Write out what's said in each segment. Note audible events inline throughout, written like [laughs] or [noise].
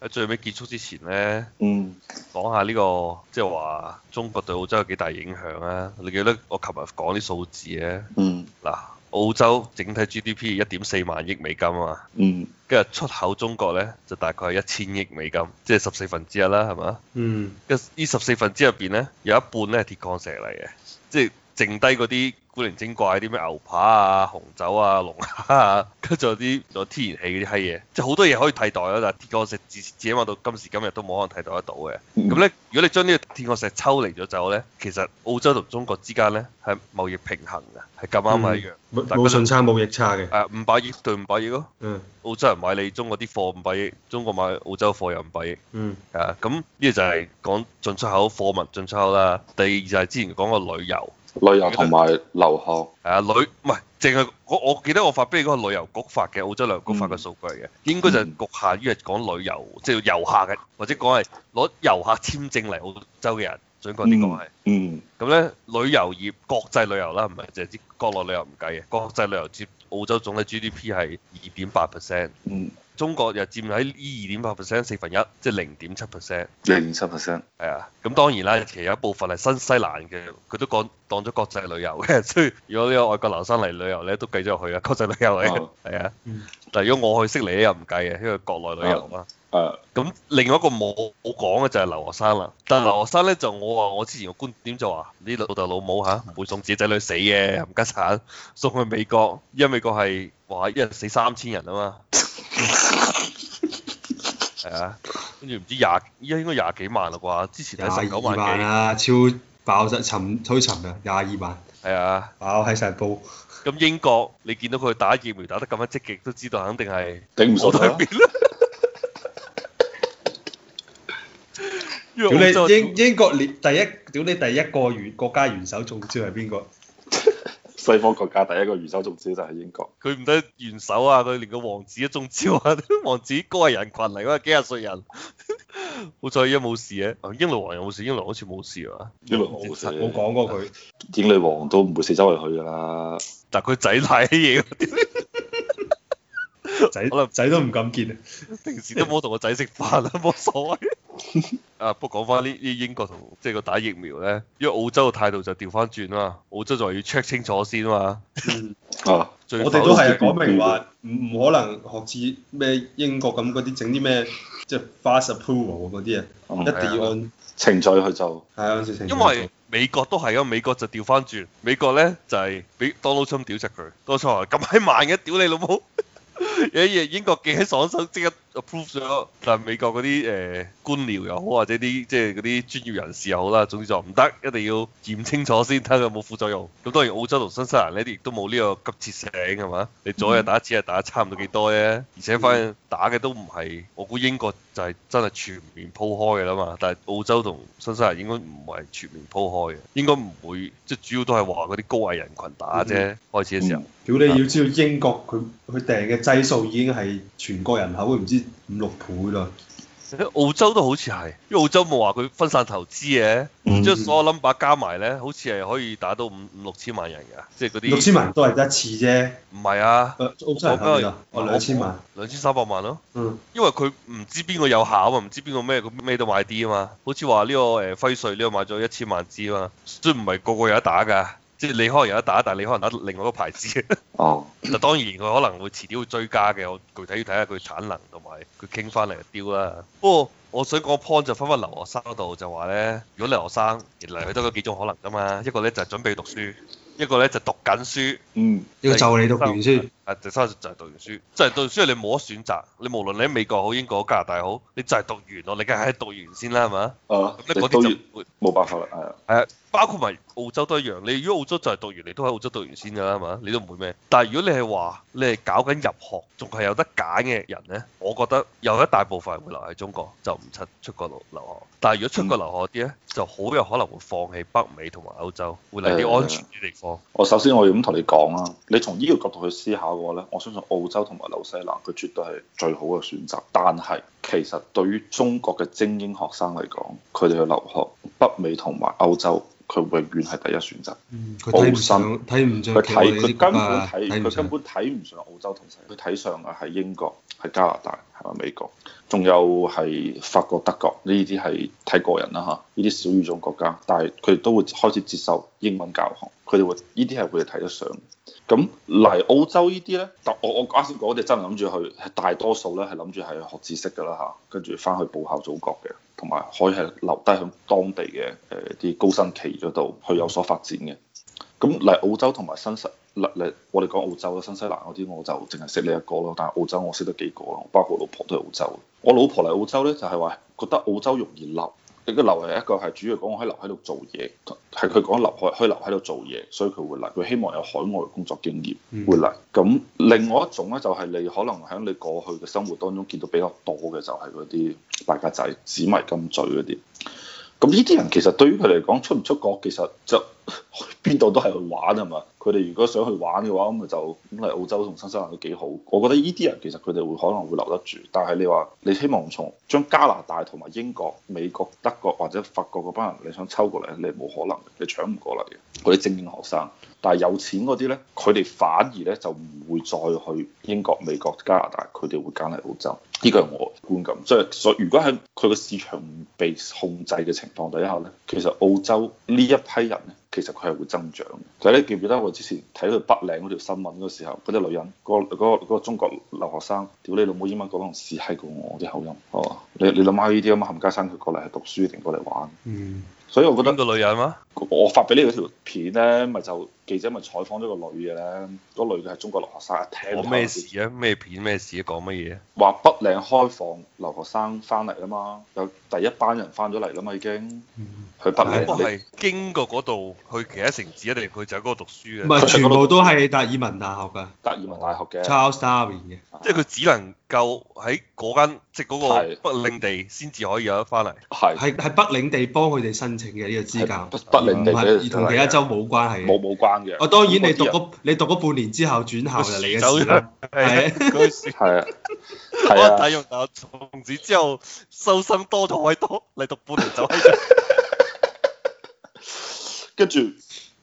喺最尾結束之前咧，嗯、講下呢、呢個即係話中國對澳洲有幾大影響啊！你記得我琴日講啲數字咧，嗱、嗯、澳洲整體 GDP 一點四萬億美金啊嘛，跟住、嗯、出口中國呢，就大概係一千億美金，即係十四分之一啦，係嘛？跟呢、嗯、十四分之一入邊呢，有一半呢係鐵礦石嚟嘅，即係剩低嗰啲。古靈精怪啲咩牛扒啊、紅酒啊、龍蝦啊，跟住有啲有天然氣嗰啲閪嘢，即係好多嘢可以替代啊。但係鐵礦石至自起碼到今時今日都冇可能替代得到嘅。咁咧，如果你將呢個鐵礦石抽離咗走咧，其實澳洲同中國之間咧係貿易平衡嘅，係咁啱嘅一樣，冇順差冇逆差嘅。誒，五百億對五百億咯。嗯。澳洲人買你中國啲貨五百億，中國買澳洲貨又五百億。嗯。誒，咁呢個就係講進出口貨物進出口啦。第二就係之前講個旅遊。旅遊同埋留學，嗯，係、嗯、留旅唔係淨係我我記得我發俾你嗰個旅遊局發嘅澳洲旅遊局發嘅數據嘅，嗯、應該就局限於講旅遊，即係遊客嘅，或者講係攞遊客簽證嚟澳洲嘅人，主要講呢個係，嗯，咁咧旅遊業國際旅遊啦，唔係淨係啲國內旅遊唔計嘅，國際旅遊佔澳洲總嘅 GDP 係二點八 percent，嗯。嗯中國又佔喺呢二點八 percent 四分一，即係零點七 percent。零點七 percent。係啊，咁當然啦，其實有一部分係新西蘭嘅，佢都講當咗國際旅遊嘅，所以如果啲外國留學生嚟旅遊咧，都計咗入去啊，國際旅遊嚟。係啊。嗯、但係如果我去悉尼咧，又唔計嘅，因為國內旅遊嘛。啊、嗯。咁、嗯、另外一個冇冇講嘅就係留學生啦，但係留學生咧就我話我之前個觀點就話啲老豆老母嚇唔、啊、會送自己仔女死嘅，冚家產送去美國，因為美國係哇一日死三千人啊嘛。 [laughs] 係啊，跟住唔知廿依家應該廿幾萬啦啩，之前廿九萬,萬啊，超爆晒沉推沉啊，廿二萬，係啊，爆喺晒煲。咁英國你見到佢打疫苗打得咁樣積極，都知道肯定係頂唔住對面啦。屌 [laughs] 你英 [laughs] 英，英國連第一，屌你第一個元國家元首中招係邊個？西方國家第一個元首中招就係英國。佢唔得元首啊，佢連個王子都中招啊！王子高係人群嚟㗎嘛，幾廿歲人。 [laughs] 好彩而家冇事啊。英女王又冇事？英女王好似冇事啊。英女王冇事，冇講過佢。啊、英女王都唔會四周圍去㗎啦。但係佢仔睇嘢，仔我哋仔都唔敢見。平時都冇同個仔食飯啦，冇所謂。啊， [laughs] 不過講翻呢呢英國同即係個打疫苗咧，因為澳洲嘅態度就調翻轉啊嘛。澳洲仲要 check 清楚先啊嘛。我哋都係講明話唔唔可能學似咩英國咁嗰啲整啲咩即係 fast approval 嗰啲啊，嗯、一定要按程序去做。係按住程序。因為美國都係啊，美國就調翻轉，美國咧就係、是、俾 Donald Trump 屌柒佢，多錯咁喺埋嘅屌你老母，而 [laughs] 英國記起爽手，即刻。approve 咗，但係美國嗰啲誒官僚又好，或者啲即係啲專業人士又好啦，總之就唔得，一定要驗清楚先，睇佢有冇副作用。咁當然澳洲同新西蘭呢啲亦都冇呢個急切性係嘛？你左右打一，次日打差唔多幾多咧、啊？而且反正打嘅都唔係，我估英國就係真係全面鋪開嘅啦嘛。但係澳洲同新西蘭應該唔係全面鋪開嘅，應該唔會，即係主要都係話嗰啲高危人群打啫。嗯、哼開始嘅時候，如果、嗯嗯嗯、你，要知道英國佢佢訂嘅劑數已經係全國人口，唔知。五六倍啦，澳洲都好似係，因為澳洲冇話佢分散投資嘅。嗯，將所有 number 加埋咧，好似係可以打到五五六千萬人㗎，即係嗰啲六千萬都係一次啫，唔係啊，啊，澳洲、啊、我、啊、兩千萬，兩千三百萬咯，嗯，因為佢唔知邊個有效啊，唔知邊個咩，佢咩都買啲啊嘛，好似話呢個誒輝瑞呢個買咗一千萬支啊嘛，都唔係個個有得打㗎。即係你可能有一打，但係你可能得打另外一個牌子。哦，嗱，當然佢可能會遲啲會追加嘅，我具體要睇下佢產能同埋佢傾翻嚟嘅標啦。不過我想講 point 就翻翻留學生嗰度，就話咧，如果你留學生原來佢得咗幾種可能㗎嘛，一個咧就係、係、準備讀書，一個咧就係、讀緊書，嗯，一個就你讀完書。啊，第三就係讀完書，就係讀完書，你冇得選擇，你無論你喺美國好、英國加拿大好，你就係讀完咯，你梗係喺讀完先啦，係嘛、啊？哦，咁咧啲冇辦法啦，係啊。係啊，包括埋澳洲都一樣，你如果澳洲就係讀完，你都喺澳洲讀完先㗎啦，係嘛？你都唔會咩？但係如果你係話你係搞緊入學，仲係有得揀嘅人咧，我覺得有一大部分人會留喺中國，就唔出出國留留學。但係如果出國留學啲咧，嗯、就好有可能會放棄北美同埋歐洲，會嚟啲安全嘅地方。嗯、我首先我要咁同你講啊，你從呢個角度去思考。我相信澳洲同埋紐西蘭佢絕對係最好嘅選擇。但係其實對於中國嘅精英學生嚟講，佢哋去留學北美同埋歐洲，佢永遠係第一選擇。嗯，佢佢根本睇唔上澳洲同西。佢睇上嘅係英國、係加拿大、係美國，仲有係法國、德國呢啲係睇個人啦嚇。呢啲小語種國家，但係佢都會開始接受英文教學，佢哋會呢啲係會睇得上。咁嚟澳洲呢啲咧，我我啱先講，我哋真係諗住去，係大多數咧係諗住係學知識噶啦嚇，跟住翻去報效祖國嘅，同埋可以係留低喺當地嘅誒啲高新企業嗰度去有所發展嘅。咁嚟澳洲同埋新西、叻叻，我哋講澳洲啊、新西蘭嗰啲，我就淨係識你一個咯。但係澳洲我識得幾個咯，包括我老婆都係澳洲。我老婆嚟澳洲咧，就係、是、話覺得澳洲容易留。你個留係一個係主要講我喺留喺度做嘢，係佢講留海，佢留喺度做嘢，所以佢會嚟。佢希望有海外工作經驗會嚟。咁另外一種咧，就係、是、你可能喺你過去嘅生活當中見到比較多嘅，就係嗰啲敗家仔、紙醉金迷嗰啲。咁呢啲人其實對於佢嚟講出唔出國其實就。去邊度都係去玩吖嘛？佢哋如果想去玩嘅話，咁咪就咁嚟澳洲同新西蘭都幾好。我覺得呢啲人其實佢哋會可能會留得住，但係你話你希望從將加拿大同埋英國、美國、德國或者法國嗰班人，你想抽過嚟，你冇可能，你搶唔過嚟嘅嗰啲精英學生。但係有錢嗰啲呢，佢哋反而呢就唔會再去英國、美國、加拿大，佢哋會揀嚟澳洲。呢個係我觀感，即係所以，所以如果喺佢個市場被控制嘅情況底下呢，其實澳洲呢一批人咧。其實佢係會增長，就係你記唔記得我之前睇佢北領嗰條新聞嗰時候，嗰啲女人，嗰、嗰個嗰個中國留學生，屌噢你老母英文講得仲屎閪過我啲口音，係你你諗下呢啲咁啊冚家生佢過嚟係讀書定過嚟玩？嗯，所以我覺得個女人啊？我發俾你嗰條片咧，咪就記者咪採訪咗個女嘅咧，嗰、嗰個、女嘅係中國留學生，一聽都咩事啊，咩片咩事啊，講乜嘢？話北領開放留學生翻嚟啊嘛，有第一班人翻咗嚟啦嘛已經。嗯佢係經過嗰度去其他城市，一定去就嗰度讀書嘅，唔係全部都係達爾文大學噶，達爾文大學嘅 Charles Darwin 嘅，即係佢只能夠喺嗰間即係嗰個北領地先至可以有得翻嚟，係係係北領地幫佢哋申請嘅呢個資格，北領地而同其他州冇關係，冇冇關嘅。我當然你讀嗰你讀咗半年之後轉校就嚟嘅事啦，係係啊！體育生從此之後收生多咗好多，你讀半年就跟住，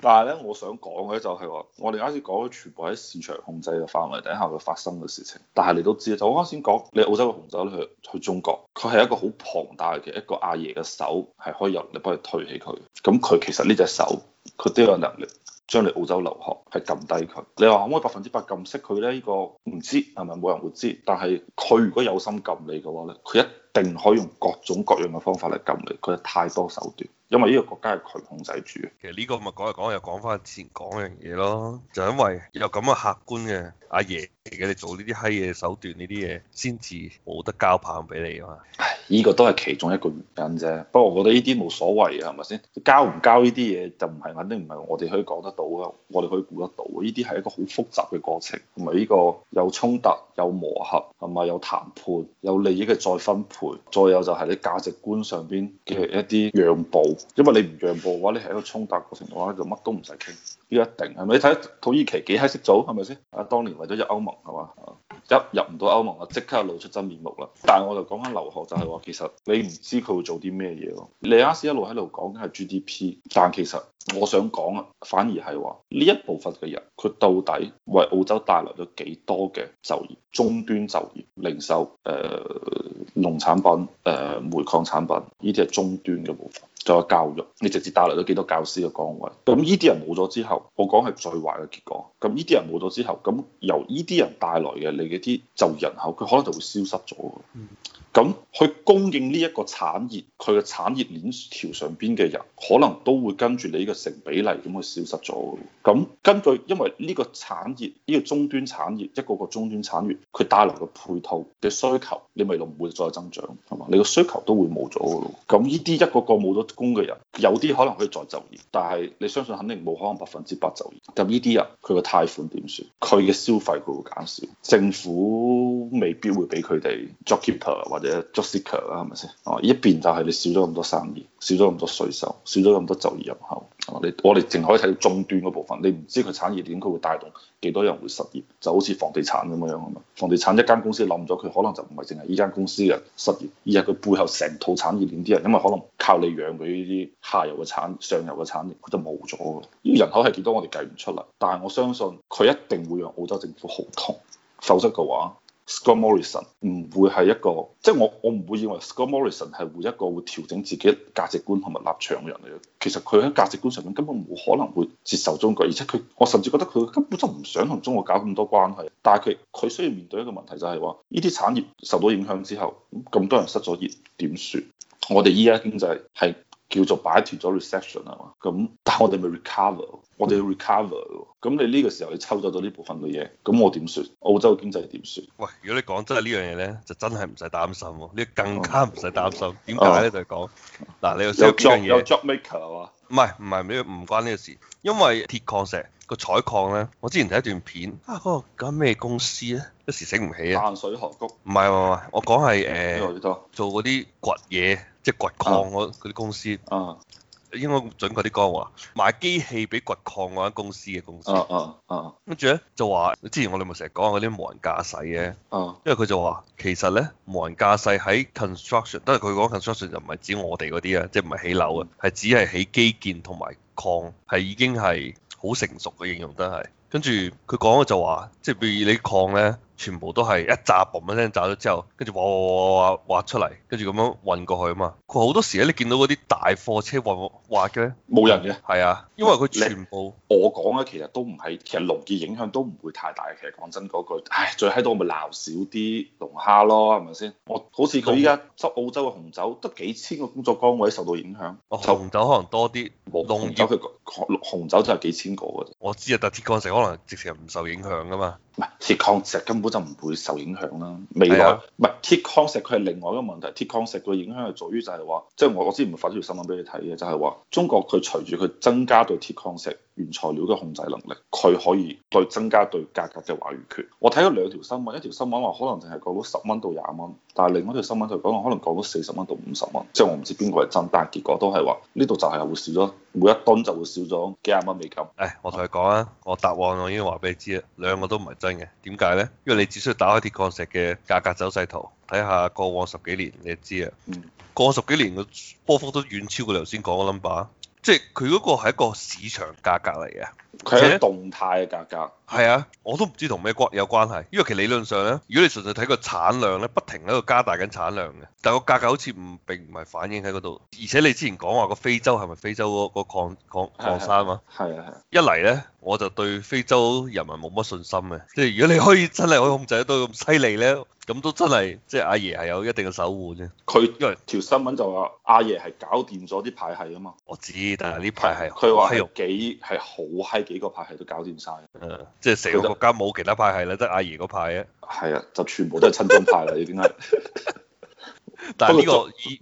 但係咧，我想講嘅就係話，我哋啱先講咗全部喺市場控制嘅範圍底下會發生嘅事情。但係你都知，就我啱先講，你澳洲嘅紅酒去去中國，佢係一個好龐大嘅一個阿爺嘅手，係可以由你幫佢推起佢。咁佢其實呢隻手，佢都有能力。將你澳洲留學係撳低佢，你話可唔可以百分之百撳識佢咧？呢、這個唔知係咪冇人會知，但係佢如果有心撳你嘅話咧，佢一定可以用各種各樣嘅方法嚟撳你，佢係太多手段，因為呢個國家係佢控制住。其實呢個咪講嚟講又講翻之前講嘅嘢咯，就因為有咁嘅客觀嘅阿爺，而家你做呢啲閪嘢手段呢啲嘢，先至冇得交棒俾你啊嘛。呢個都係其中一個原因啫，不過我覺得呢啲冇所謂啊，係咪先？交唔交呢啲嘢就唔係，肯定唔係我哋可以講得到嘅，我哋可以估得到。呢啲係一個好複雜嘅過程，同埋呢個有衝突、有磨合，同埋有談判、有利益嘅再分配，再有就係你價值觀上邊嘅一啲讓步。因為你唔讓步嘅話，你係喺個衝突過程嘅話，就乜都唔使傾，呢個一定係咪？你睇土耳其幾閪識做，係咪先？啊，當年為咗入歐盟係嘛，入入唔到歐盟啊，即刻露出真面目啦。但係我就講緊留學就係、是。其實你唔知佢會做啲咩嘢咯。李亞斯一路喺度講緊係 GDP，但其實我想講啊，反而係話呢一部分嘅人，佢到底為澳洲帶來咗幾多嘅就業？終端就業、零售、誒、呃、農產品、誒、呃、煤礦產品，呢啲係終端嘅部分。仲有教育，你直接帶來咗幾多教師嘅崗位？咁呢啲人冇咗之後，我講係最壞嘅結果。咁呢啲人冇咗之後，咁由呢啲人帶來嘅你嗰啲就業人口，佢可能就會消失咗。咁去供應呢一個產業，佢嘅產業鏈條上邊嘅人，可能都會跟住你呢個成比例咁去消失咗。咁根據因為呢個產業，呢個終端產業一個個終端產業，佢帶來嘅配套嘅需求，你未來唔會再增長，係嘛？你嘅需求都會冇咗嘅咯。咁呢啲一個個冇咗工嘅人，有啲可能可以再就業，但係你相信肯定冇可能百分之百就業。咁呢啲人佢嘅貸款點算？佢嘅消費佢會減少，政府未必會俾佢哋 job keeper 或者或 j u 啊，係咪先？哦，一邊就係你少咗咁多生意，少咗咁多稅收，少咗咁多就業入口。哦，你我哋淨可以睇到終端嗰部分。你唔知佢產業鏈佢會帶動幾多人會失業，就好似房地產咁樣樣係咪？房地產一間公司冧咗，佢可能就唔係淨係依間公司嘅失業，而係佢背後成套產業鏈啲人，因為可能靠你養佢呢啲下游嘅產業、上游嘅產業，佢就冇咗。呢個人口係幾多我哋計唔出嚟，但係我相信佢一定會讓澳洲政府好痛，否則嘅話。Scott Morrison 唔會係一個，即係，我我唔會認為 Scott Morrison 係會一個會調整自己價值觀同埋立場嘅人嚟嘅。其實佢喺價值觀上面根本冇可能會接受中國，而且佢我甚至覺得佢根本就唔想同中國搞咁多關係。但係佢佢需要面對一個問題就係話，呢啲產業受到影響之後，咁多人失咗業點算？我哋依家經濟係。叫做擺脫咗 recession 係嘛？咁但係我哋咪 recover，我哋要 recover 喎。咁你呢個時候你抽走咗呢部分嘅嘢，咁我點算？澳洲經濟點算？喂，如果你講真係呢樣嘢咧，就真係唔使擔心喎。你更加唔使擔心。點解咧？呢嗯、就係講嗱，你又想幾樣有 job maker 啊？唔係唔係唔關呢個事。因為鐵礦石、嗰個採礦咧，我之前睇一段片啊，嗰個咩公司咧？一時醒唔起啊！淡水河谷。唔係唔係，我講係誒，做嗰啲掘嘢。即係掘礦嗰啲公司，啊啊、應該準確啲講話，賣機器俾掘礦嗰間公司嘅公司。哦哦哦，跟住咧就話，之前我哋咪成日講嗰啲無人駕駛嘅，啊、因為佢就話其實咧無人駕駛喺 construction，都係佢講 construction 就唔係指我哋嗰啲啊，即係唔係起樓啊，係只係起基建同埋礦，係已經係好成熟嘅應用都係。跟住佢講嘅就話，即係譬如你礦咧。全部都係一扎嘣一聲炸咗之後，跟住挖挖挖挖出嚟，跟住咁樣運過去啊嘛。佢好多時咧，你見到嗰啲大貨車運挖嘅冇人嘅，係啊，因為佢全部。我講嘅其實都唔係，其實農業影響都唔會太大嘅。其實講真嗰句，唉，最閪多我咪鬧少啲龍蝦咯，係咪先？我好似佢依家執澳洲嘅紅酒，得幾千個工作崗位受到影響。紅酒可能多啲，農業佢紅酒就係幾千個嘅。我知啊，但鐵礦石可能直情唔受影響噶嘛。唔係鐵礦石根本就唔會受影響啦，未來唔係鐵礦石佢係另外一個問題，鐵礦石個影響係在於，就係話，即係我我之前發咗條新聞俾你睇嘅，就係話中國佢隨住佢增加對鐵礦石。原材料嘅控制能力，佢可以對增加對價格嘅話語權。我睇咗兩條新聞，一條新聞話可能淨係降到十蚊到廿蚊，但係另外一條新聞就講可能降到四十蚊到五十蚊，即係我唔知邊個係真，但係結果都係話呢度就係會少咗，每一噸就會少咗幾廿蚊美金。誒，我同你講啊，我答案我已經話俾你知啦，兩個都唔係真嘅。點解呢？因為你只需要打開鐵礦石嘅價格走勢圖，睇下過往十幾年你就知啦。過往十幾年嘅波幅都遠超過你頭先講嘅 number。即係佢嗰個係一個市場價格嚟嘅，佢係一個動態嘅價格,格。係啊，我都唔知同咩國有關係，因為其實理論上咧，如果你純粹睇個產量咧，不停喺度加大緊產量嘅，但係個價格好似唔並唔係反映喺嗰度。而且你之前講話個非洲係咪非洲嗰個礦礦的礦山啊？係啊係。一嚟咧，我就對非洲人民冇乜信心嘅，即係如果你可以真係可以控制得到咁犀利咧，咁都真係即係阿爺係有一定嘅手腕啫。佢因為條新聞就話阿爺係搞掂咗啲排係啊嘛。我知，但係呢排係係幾係好嗨幾個排係都搞掂晒。即係成個國家冇其他派系啦，即係實阿爺嗰派啊，係啊，就全部都係親中派啦， [laughs] 已經係。解？但係呢個，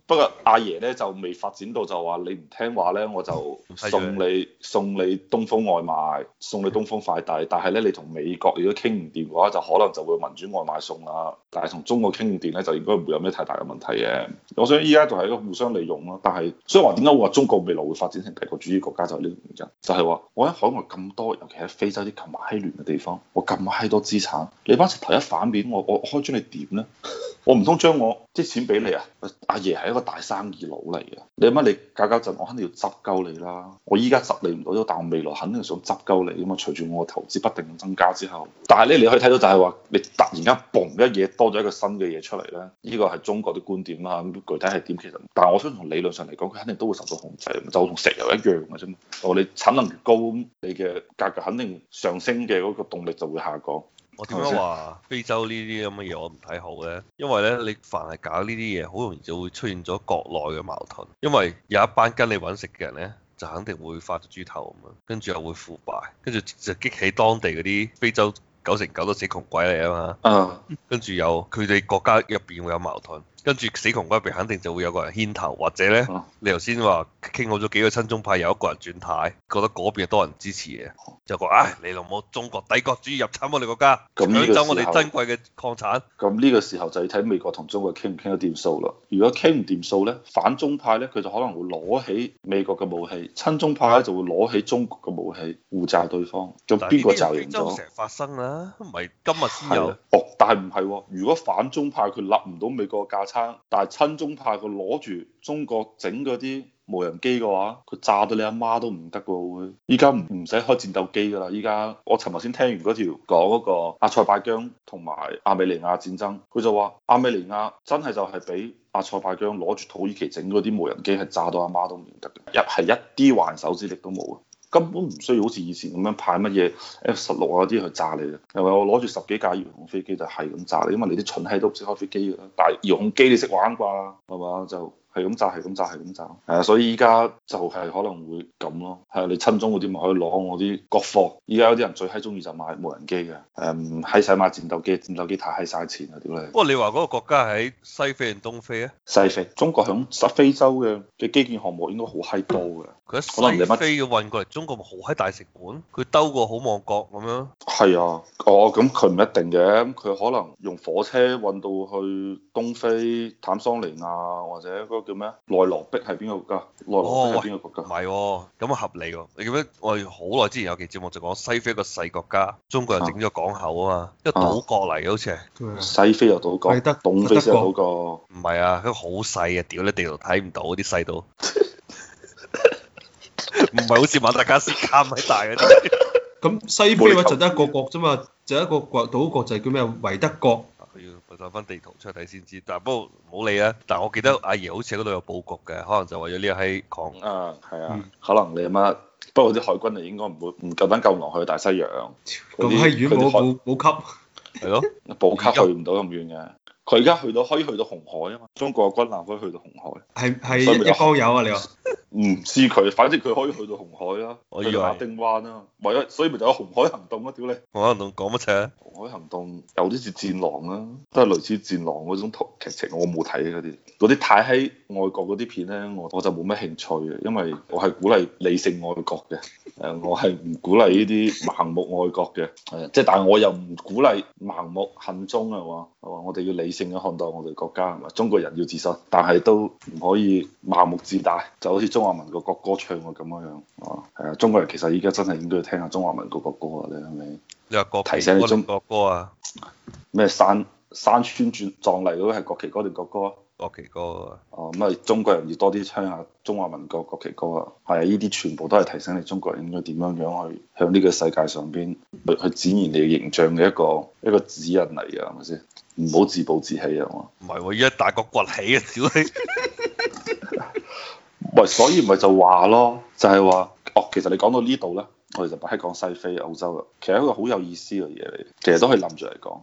不過阿爺咧就未發展到就話你唔聽話咧，我就送你的送你東風外賣，送你東風快遞。但係咧，你同美國如果傾唔掂嘅話，就可能就會民主外賣送喇。但係同中國傾唔掂咧，就應該唔會有咩太大嘅問題嘅。我想依家就係一個互相利用咯。但係所以話點解會話中國未來會發展成帝國主義國家就係呢個原因，就係、是、話我喺海外咁多，尤其喺非洲啲埋閪亂嘅地方，我咁閪多資產，你班石頭一反面，我我開張你點咧？我唔通將我啲錢。俾你啊！阿爺係一個大生意佬嚟嘅，你乜你搞搞陣，我肯定要執夠你啦。我依家執你唔到但我未來肯定想執夠你咁嘛。隨住我投資不定咁增加之後，但係咧你，你可以睇到就係話，你突然間嘣一嘢多咗一個新嘅嘢出嚟咧，呢、這個係中國啲觀點啦。咁具體係點其實，但係我想從理論上嚟講，佢肯定都會受到控制，就同石油一樣嘅啫。哦，你產能越高，你嘅價格肯定上升嘅嗰個動力就會下降。我點解話非洲呢啲咁嘅嘢我唔睇好呢？因為呢，你凡係搞呢啲嘢，好容易就會出現咗國內嘅矛盾。因為有一班跟你揾食嘅人呢，就肯定會發咗豬頭咁樣，跟住又會腐敗，跟住就激起當地嗰啲非洲九成九都死窮鬼嚟啊嘛。跟住又，佢哋國家入邊會有矛盾。跟住死窮嗰邊，肯定就會有個人牽頭，或者咧，啊、你頭先話傾好咗幾個親中派，有一個人轉軚，覺得嗰邊多人支持嘅，就話唉、哎，你老母中國帝國主義入侵我哋國家，咁、嗯這個、搶走我哋珍貴嘅礦產。咁呢、嗯這個時候就要睇美國同中國傾唔傾得掂數咯。如果傾唔掂數咧，反中派咧佢就可能會攞起美國嘅武器，親中派咧就會攞起中國嘅武器，互炸對方。咁邊是個就贏咗？成日發生啦？唔係今日先有。啊、是是哦，但係唔係？如果反中派佢立唔到美國嘅價。但係親中派佢攞住中國整嗰啲無人機嘅話，佢炸到你阿媽都唔得喎。依家唔唔使開戰鬥機噶啦。依家我尋日先聽完嗰條，講嗰個阿塞拜疆同埋阿美利亞戰爭，佢就話阿美利亞真係就係俾阿塞拜疆攞住土耳其整嗰啲無人機係炸到阿媽都唔得嘅，一係一啲還手之力都冇，根本唔需要好似以前咁樣派乜嘢 F 十六啊啲去炸你嘅，又話我攞住十幾架遙控飛機就係咁炸你，因為你啲蠢閪都唔識開飛機㗎啦，但係遙控機你識玩啩？係嘛就。係咁炸，係咁炸，係咁炸。係啊，所以依家就係可能會咁咯。係啊，你親中嗰啲咪可以攞我啲國貨。依家有啲人最閪中意就買無人機嘅。誒、嗯，閪曬買戰鬥機，戰鬥機太閪晒錢啊屌你！不過你話嗰個國家喺西非定東非啊？西非，中國響西非洲嘅嘅基建項目應該好閪多嘅。佢喺西非要運過嚟，中國咪好閪大食館？佢兜過好望角咁樣。係啊，哦咁佢唔一定嘅，佢可能用火車運到去東非坦桑尼亞或者叫咩？內羅畢係邊個國家？內羅畢係邊個國家？唔係、哦，咁啊、哦、合理喎、哦！你記得我哋好耐之前有期節目就講西非一個細國家，中國又整咗港口啊嘛，啊一個島國嚟嘅好似係。啊、西非又島國。維德。非島西非又島唔係啊，佢好細啊！屌你，地圖睇唔到啲細島。唔係 [laughs] [laughs] 好似馬達加斯加咁大嘅。咁 [laughs] 西非話就一個國啫嘛，就一個國島國就係叫咩？維德國。佢要撥曬翻地圖出嚟睇先知，但不過唔好理啊。但係我記得阿爺好似喺嗰度有佈局嘅，可能就為咗呢啲喺港。啊，係啊，嗯、可能你阿媽？不過啲海軍啊，應該唔會唔夠膽夠狼去大西洋咁遠，冇冇冇級，係 [laughs] 咯，冇級去唔到咁遠嘅。佢而家去到可以去到紅海啊嘛，中國嘅軍艦可以去到紅海，係係一方有，有啊你話。 [laughs] 唔知佢，反正佢可以去到紅海啦、啊，我以為去亞丁灣啦、啊，為咗、啊、所以咪就有紅海行動咯、啊，屌你！紅海行動講乜嘢？紅海行動有啲似戰狼啦、啊，都係類似戰狼嗰種劇情，我冇睇嗰啲，嗰啲睇喺外國嗰啲片咧，我我就冇乜興趣嘅，因為我係鼓勵理性愛國嘅，誒我係唔鼓勵呢啲盲目愛國嘅，係啊，即係但我又唔鼓勵盲目恨中啊我。我哋要理性咁看待我哋國家係咪？中國人要自信，但係都唔可以盲目自大，就好似中華民國國歌唱嘅咁樣樣。哦，係啊，中國人其實依家真係應該要聽下中華民國國歌啊，你係咪？你話提醒你中國歌啊？咩山山川壯壯麗嗰個係國旗歌定國歌啊？國旗歌啊！哦，咁啊，中國人要多啲唱下中華民國國旗歌啊！係啊，呢啲全部都係提醒你中國人應該點樣樣去向呢個世界上邊去展現你嘅形象嘅一個一個指引嚟嘅，係咪先？唔好自暴自棄啊！我唔係喎，一大國崛起啊！小你！咪所以咪就話咯，就係、是、話哦，其實你講到呢度呢，我哋就唔係講西非、歐洲啦，其實一個好有意思嘅嘢嚟，其實都可以諗住嚟講。